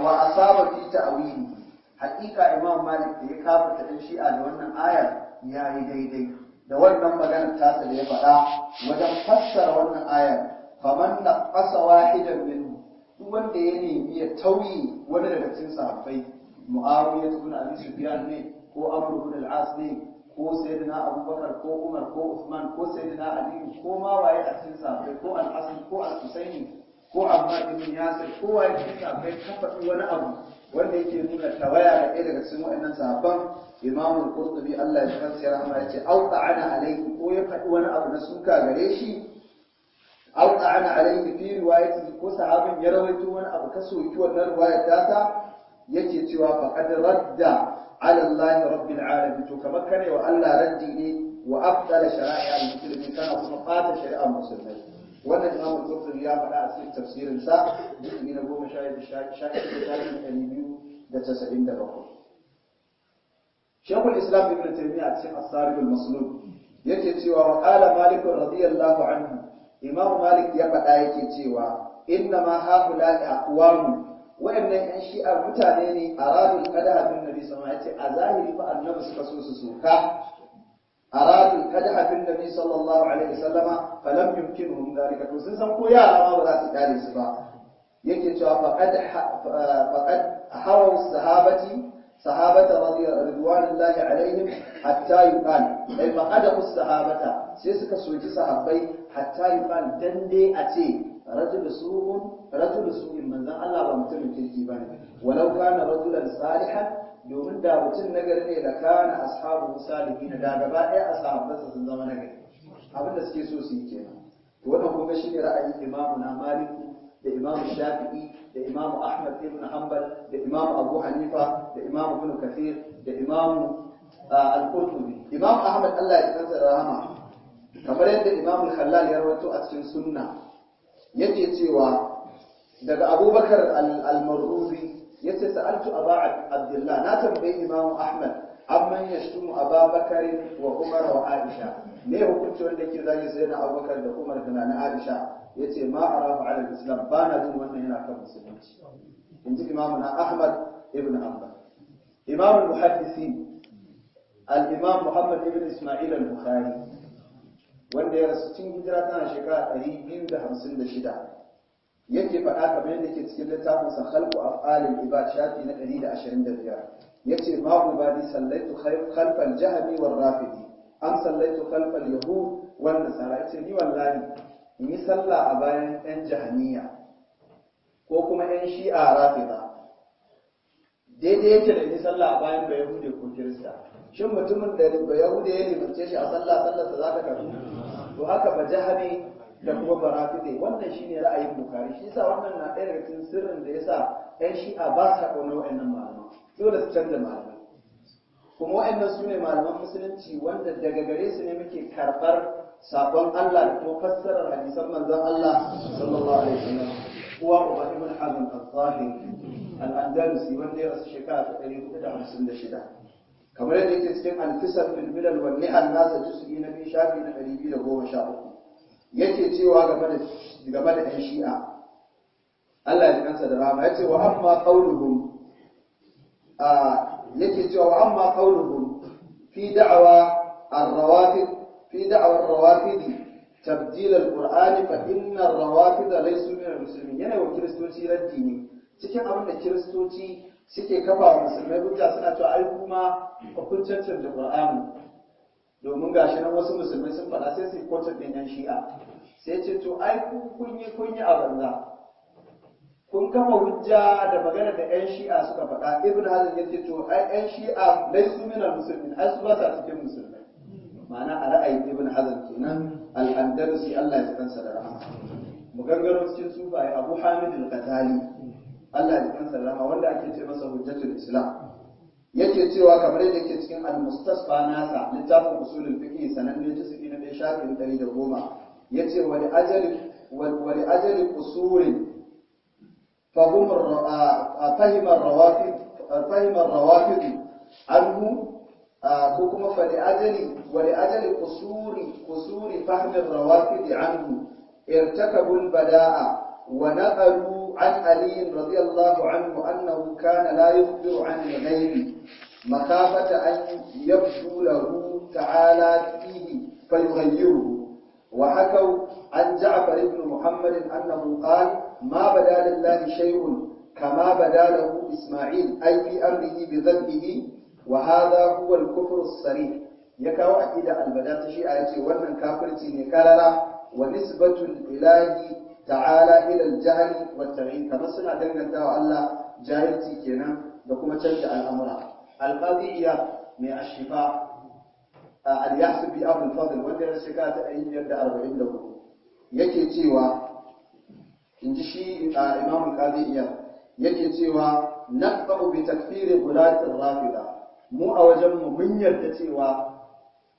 wa asaba fi ta'wili haqiqa imam malik da ya kafa ta shi'a da wannan ayar ya yi daidai da wannan maganar tasa da ya faɗa wajen fassara wannan ayar faman na fasa wahidan min wanda ya nemi ya tauye wani daga cikin sahabbai mu'awiyah ibn abi sufyan ne ko amr ibn al-as ne ko sayyidina abubakar ko umar ko usman ko sayyidina ali ko ma waye a cikin sahabbai ko al-hasan ko al-husaini ko amma ibn yasir ko waye cikin sahabbai ka wani abu wanda yake nuna tawaya da ɗaya daga cikin waɗannan sahabban imamul qurtubi Allah ya kansa ya rahama yace au ta'ana alaihi ko ya faɗi wani abu na suka gare shi au ta'ana alaihi fi riwayati ko sahabin ya rawaito wani abu ka soki wannan riwayar tasa yake cewa faqad radda ala Allah rabbil alamin to kamar kane wa Allah raddi ne wa afdala shara'i al-muslimin kana kuma fata shari'a musulmai wannan imam al ya faɗa a cikin tafsirin sa juz'i na 10 shafi shafi shafi biyu da casa'in shaykhul islam ibn taymiyyah a cikin as-sarib al cewa wa qala malik radiyallahu anhu imam malik ya faɗa yake cewa inna ma haula'i aqwamu wa'annan yan shi'ar mutane ne a radul qada'a bin nabi sallallahu alaihi wasallam yace a zahiri fa annabi suka so su soka أرادوا الكدح في النبي صلى الله عليه وسلم فلم يمكنهم ذلك فسنسان قويا لما براس كالي سبا يكي توا فقد فقد حروا الصحابة صحابة رضي رضوان الله عليهم حتى يقال أي فقدحوا الصحابة سيسك سويت صحابي حتى يقال دندي أتي رجل سوء رجل سوء من ذا الله ومتم الكذبان ولو كان رجلا صالحا domin da mutum nagari ne da kana ashabu salihi na da gaba ɗaya a ashabansa sun zama nagari abin da suke so su yi kenan to wannan kuma shine ra'ayin imamu na maliku da imamu shafi'i da imamu ahmad ibn hanbal da imamu abu hanifa da imamu ibn kathir da imamu ah, al-qurtubi imamu ahmad Allah ya tsantsa rahama kamar yadda imamu khallal ya rawaito a cikin sunna yake cewa daga abubakar al-marruzi yace sa'altu aba Abdullahi na tambayi imam ahmad amman yashtumu ababakar wa umar wa aisha me hukunci wanda ke zagi sai na abubakar da umar da na aisha yace ma arafu ala islam ba na jin wannan yana kan musulunci inji imam na ahmad ibn Ahmad. imam al-muhaddisin al-imam muhammad ibn isma'il al-bukhari wanda ya rasu cikin hijira tana shekara 256 yake faɗa kamar yadda yake cikin littafin sa khalqu af'alil ibad shafi na 125 yace ma ubadi sallaitu khalfal jahmi war rafidi am sallaitu khalfal yahud wan nasara yace ni wallahi in yi sallah a bayan ɗan jahmiya ko kuma ɗan shi'a rafida daidai yake da yi sallah a bayan ba yahude ko kirista shin mutumin da ba yahude ya limace shi a sallah sallarsa za ta karu to haka ba jahmi da kuma barafide wannan shine ra'ayin bukari shi yasa wannan na ɗaya daga cikin sirrin da ya ɗan shi'a ba sa ƙauna wa'annan malaman dole su canza kuma wa'annan su ne malaman musulunci wanda daga gare su ne muke karɓar sabon Allah da kuma fassarar hadisan manzon Allah sallallahu alaihi wasallam uwa uba ibn hazm al-zahir al-andalusi wanda ya rasu shekara ta kamar yadda yake cikin al-fisal fil milal wal ni'al nasa juz'i na bi shafi na 213 yake cewa game da ‘yan shi'a, Allah ya kansa da rama, ya ce wa amma ƙaunuhun, yake cewa wa amma ƙaunuhun fi da'awa الروافد في دعوى الروافد تبديل القرآن da الروافد ليسوا من musulmi. yana wa kiristoci raddi ne cikin abin da kiristoci suke kafa wa musulmai hujja suna cewa ai kuma hukuncin da Qur'ani domin ga shi nan wasu musulmai sun faɗa sai su kotun ɗin yan shi'a sai ce to ai kun yi kun yi a banza kun kama hujja da magana da yan shi'a suka faɗa ibn hazan ya ce to ai yan shi'a laisu na musulmin ai su ba sa cikin musulmai ma'ana a ra'ayin ibn hazan kenan al-andalusi Allah ya kansa da rahama mu gangaro cikin sufaye abu hamid al-ghazali Allah ya kansa da rahama wanda ake ce masa hujjatul islam yake cewa kamar yadda yake cikin al-mustasfa nasa littafin usulul fiqh sananne juz'i na da shafin ɗari da goma yace wani ajali wani ajali usulin fahim fahim ar-rawafid fahim ar-rawafid anhu ko kuma fa ajali wani ajali usuri usuri fahm ar-rawafid anhu irtakabu al-bada'a wa naqalu عن علي رضي الله عنه أنه كان لا يخبر عن makafata an yabdu lahu ta'ala fihi fayughayyiru wa hakaw an ja'far ibn muhammad annahu qala ma bada lillahi shay'un kama bada lahu isma'il ay fi amrihi bi dhanbihi wa hadha huwa al-kufr as-sarih ya kawo aqida al-bada ta shi'a yace wannan kafirci ne karara wa nisbatul ilahi ta'ala ila al-jahl wa at-taghyir suna dangantawa Allah jahilci kenan da kuma canza al'amura alqadi iya mai ashifa a yahsib bi abul fadl wanda ya shiga ta ayyar da 44 yake cewa inji shi imam al-qadi iya yake cewa naqbu bi takfiri gulat ar-rafida mu a wajen mu mun yarda cewa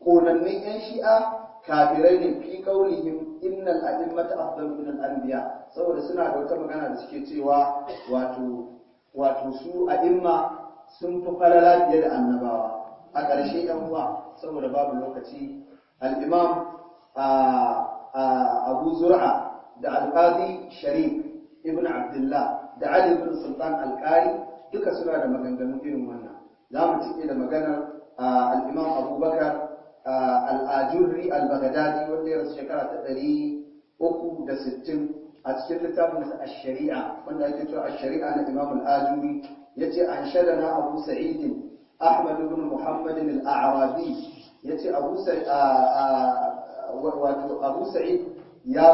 konannin yan shi'a kafirai ne fi kaulihim innal a'immata afdalu min al-anbiya saboda suna da wata magana da suke cewa wato wato su a'imma sun fi falala fiye da annabawa a ƙarshe ɗan uwa saboda babu lokaci Al'Imam abu zur'a da al sharif ibn abdullah da ali ibn sultan al-qari duka suna da maganganu irin wannan za mu cike da maganar Al'Imam abubakar al-ajurri al-baghdadi wanda ya rasu shekara ta ɗari uku da sittin a cikin littafin a shari'a wanda ake cewa shari'a na imam al-ajuri yace anshadana abu sa'id ahmad ibn muhammad al-a'rabi yace abu sa'id wato abu sa'id ya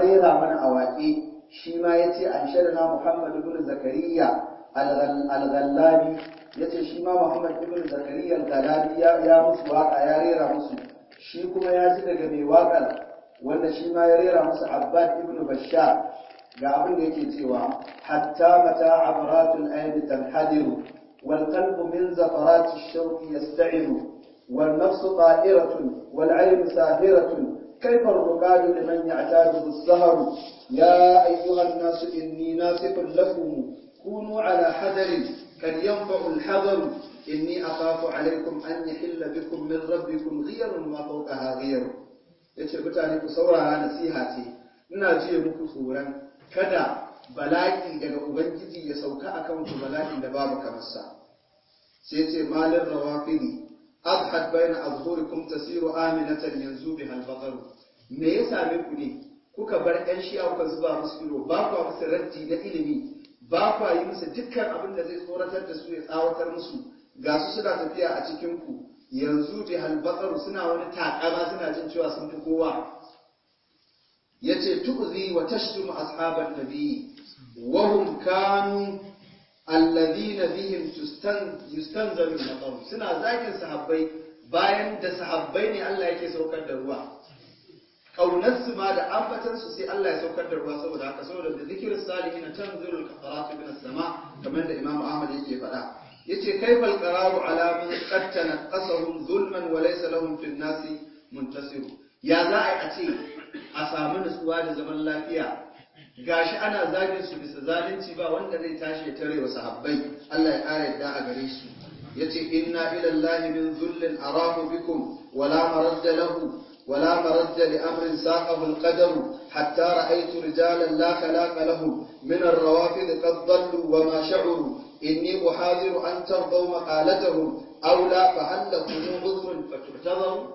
rera mana awaki shi ma yace anshadana muhammad ibn zakariya al-ghallabi yace shi ma muhammad ibn zakariya al-ghallabi ya musu waka ya rera musu shi kuma ya ji daga mai wakar wanda shi ma ya rera musu abbad ibn bashar ga abin da yake cewa hatta mata abratul aibi tanhadiru wal qalbu min zafarati shawqi yasta'idu wal nafsu ta'iratu wal aynu sahiratu kayfa ruqadu liman ya'tadu bis-sahr ya ayyuha an-nas inni nasikun lakum kunu ala hadari kan yanfa'u al-hadar inni akhafu alaykum an yahilla bikum min rabbikum ghayran ma fawqa ghayr yace mutane ku saurara nasiha ce ina ce muku tsoran kada bala'in daga ubangiji ya sauka kan ku bala'in da babu kamarsa. sa sai ce malar rawafidi bayan azhuri kum tasiru aminatan yanzu bi halbatar me ya same ku ne kuka bar yan shi'a kuka zuba musu ido ba ku musu ranti na ilimi ba ku yi musu dukkan abin da zai tsoratar da su ya tsawatar musu ga su suna tafiya a cikin ku yanzu bi halbatar suna wani takama suna jin cewa sun fi kowa yace tuƙuzi wa tashtum ashaban nabi wa hum kanu alladhina bihim yustanzalu al suna zagin sahabbai bayan da sahabbai ne Allah yake saukar da ruwa kaunarsu ma da ambatansu sai Allah ya saukar da ruwa saboda haka saboda da zikirin salihi na al-qafarat min sama kamar da Imam Ahmad yake faɗa yace ce kai qararu alamun man qattana qasahum zulman wa laysa lahum fi nasi muntasiru ya za a ce a samu nutsuwa da zaman lafiya gashi ana zagin su bisa zalunci ba wanda zai tashi ya tare wasu habbai Allah ya ƙara yadda a gare su ya ce inna ilallahi min zullin a rahu bikum wala maradda lahu wala maradda li amrin saƙabul qadaru hatta ra'aytu rijalan la khalaqa lahum min ar-rawafid qad dallu wa ma sha'uru inni uhadiru an tarqaw maqalatahum aw la fa hal lakum udhrun fatutabaru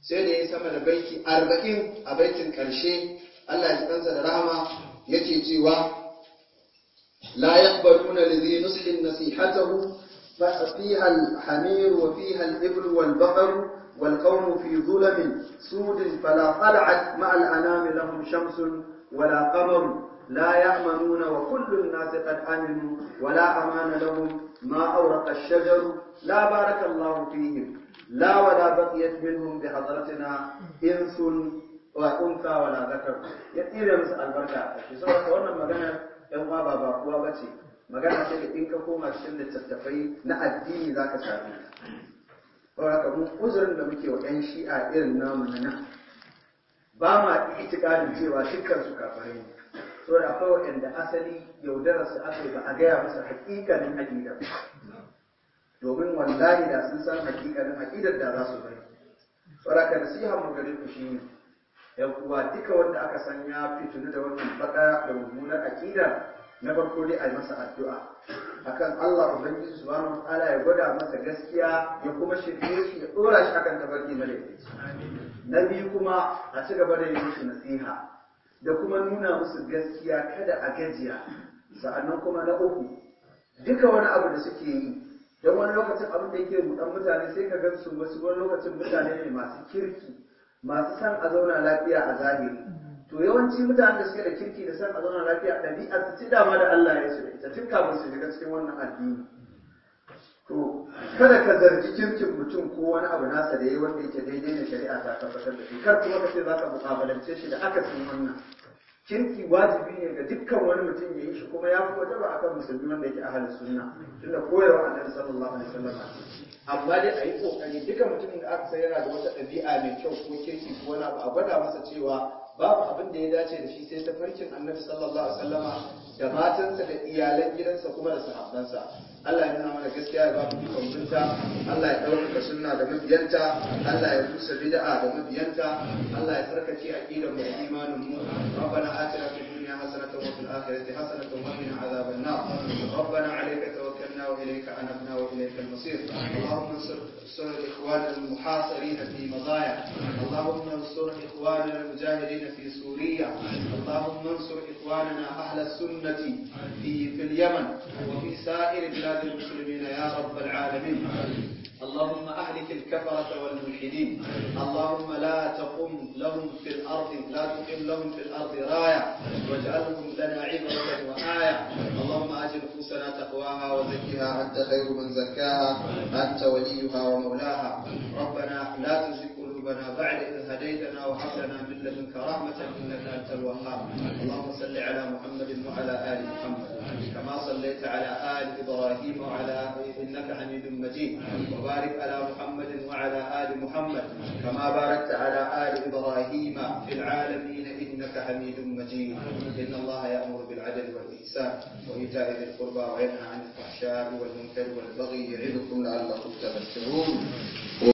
sai da ya sama da baiti arba'in a bankin ƙarshe Allah ya kansa da rahama yake cewa la yaqbaluna lidhi nushin nasihatahu fa fiha al-hamir wa fiha al wal baqar wal qawm fi zulamin sud fala qal'at lahum shamsun wala qamar لا يأمنون وكل الناس قد أمنوا ولا أمان لهم ما أورق الشجر لا بارك الله فيهم لا ولا بقيت منهم بحضرتنا انس وانثى ولا ذكر يقيل مس البركة فسوى وانا مغانا ما بابا قوة بتي مغانا تلك إنك كوما تشل التتفي نعدي ذاك سابي ولكن mun uzurin da muke wa 'yan shi'a irin namu na nan ba ma itikadin cewa dukkan su kafirai ne saboda akwai waɗanda asali yaudararsu aka yi ba a gaya musu hakikanin ba. domin wallahi da sun san hakikalin aqidar da za su bari saraka nasiha mu gare ku shine ya kuwa duka wanda aka sanya ya da wannan fada da mummunar aqida na farko dai a yi masa addu'a akan Allah ubangiji subhanahu ta'ala ya gwada masa gaskiya ya kuma shirye shi ya dora shi akan tabarki na laifi na biyu kuma a ci gaba da yi musu nasiha da kuma nuna musu gaskiya kada a gajiya sa'annan kuma na uku duka wani abu da suke yi don wani lokacin abin da yake rudan mutane sai ka gan su wasu wani lokacin mutane ne masu kirki masu san a zauna lafiya a zahiri to yawanci mutanen da suke da kirki da san a zauna lafiya a ɗabi'a su ci dama da Allah ya su ita tun kafin su shiga cikin wannan addini to kada ka zargi kirkin mutum ko wani abu nasa da yi wanda yake daidai da shari'a ta tabbatar da shi kar kuma ka ce za ka muƙabalance shi da akasin wannan kirki wajibi ne ga dukkan wani mutum ya yi shi kuma ya fi wajaba akan musulmi wanda yake ahalin sunna tunda koyarwa nan sallallahu alaihi wasallam amma dai a yi kokari duka mutumin da aka san yana da wata ɗabi'a mai kyau ko kirki ko wani abu a gwada masa cewa babu abin da ya dace da shi sai tafarkin annabi sallallahu alaihi wasallama da matansa da iyalan gidansa kuma da sahabbansa Allah ya nuna mana gaskiya ya ba mu ikon mutunta, Allah ya ɗaukaka sunna da mabiyanta Allah ya rusa bid'a da mabiyanta Allah ya tsarkake aqidar mu da imanin mu rabbana atina fid dunya hasanatan wa fil akhirati hasanatan wa qina adhaban nar rabbana alayka وإليك أنبنا وإليك المصير اللهم انصر إخواننا المحاصرين في مضايا اللهم انصر إخواننا المجاهدين في سوريا اللهم انصر إخواننا أهل السنة في, في اليمن وفي سائر بلاد المسلمين يا رب العالمين اللهم أهلك الكفرة والملحدين اللهم لا تقم لهم في الأرض لا تقم لهم في الأرض راية واجعلهم لنا عبرة وآية اللهم أجل نفوسنا تقواها وزكها أنت خير من زكاها أنت وليها ومولاها ربنا لا تزك ربنا إذ هديتنا وهب لنا من لدنك رحمة إنك أنت الوهاب اللهم صل على محمد وعلى آل محمد كما صليت على آل إبراهيم وعلى إنك حميد مجيد وبارك على محمد وعلى آل محمد كما باركت على آل إبراهيم في العالمين إنك حميد مجيد إن الله يأمر بالعدل والإحسان وإيتاء ذي القربى وينهى عن الفحشاء والمنكر والبغي يعظكم لعلكم تذكرون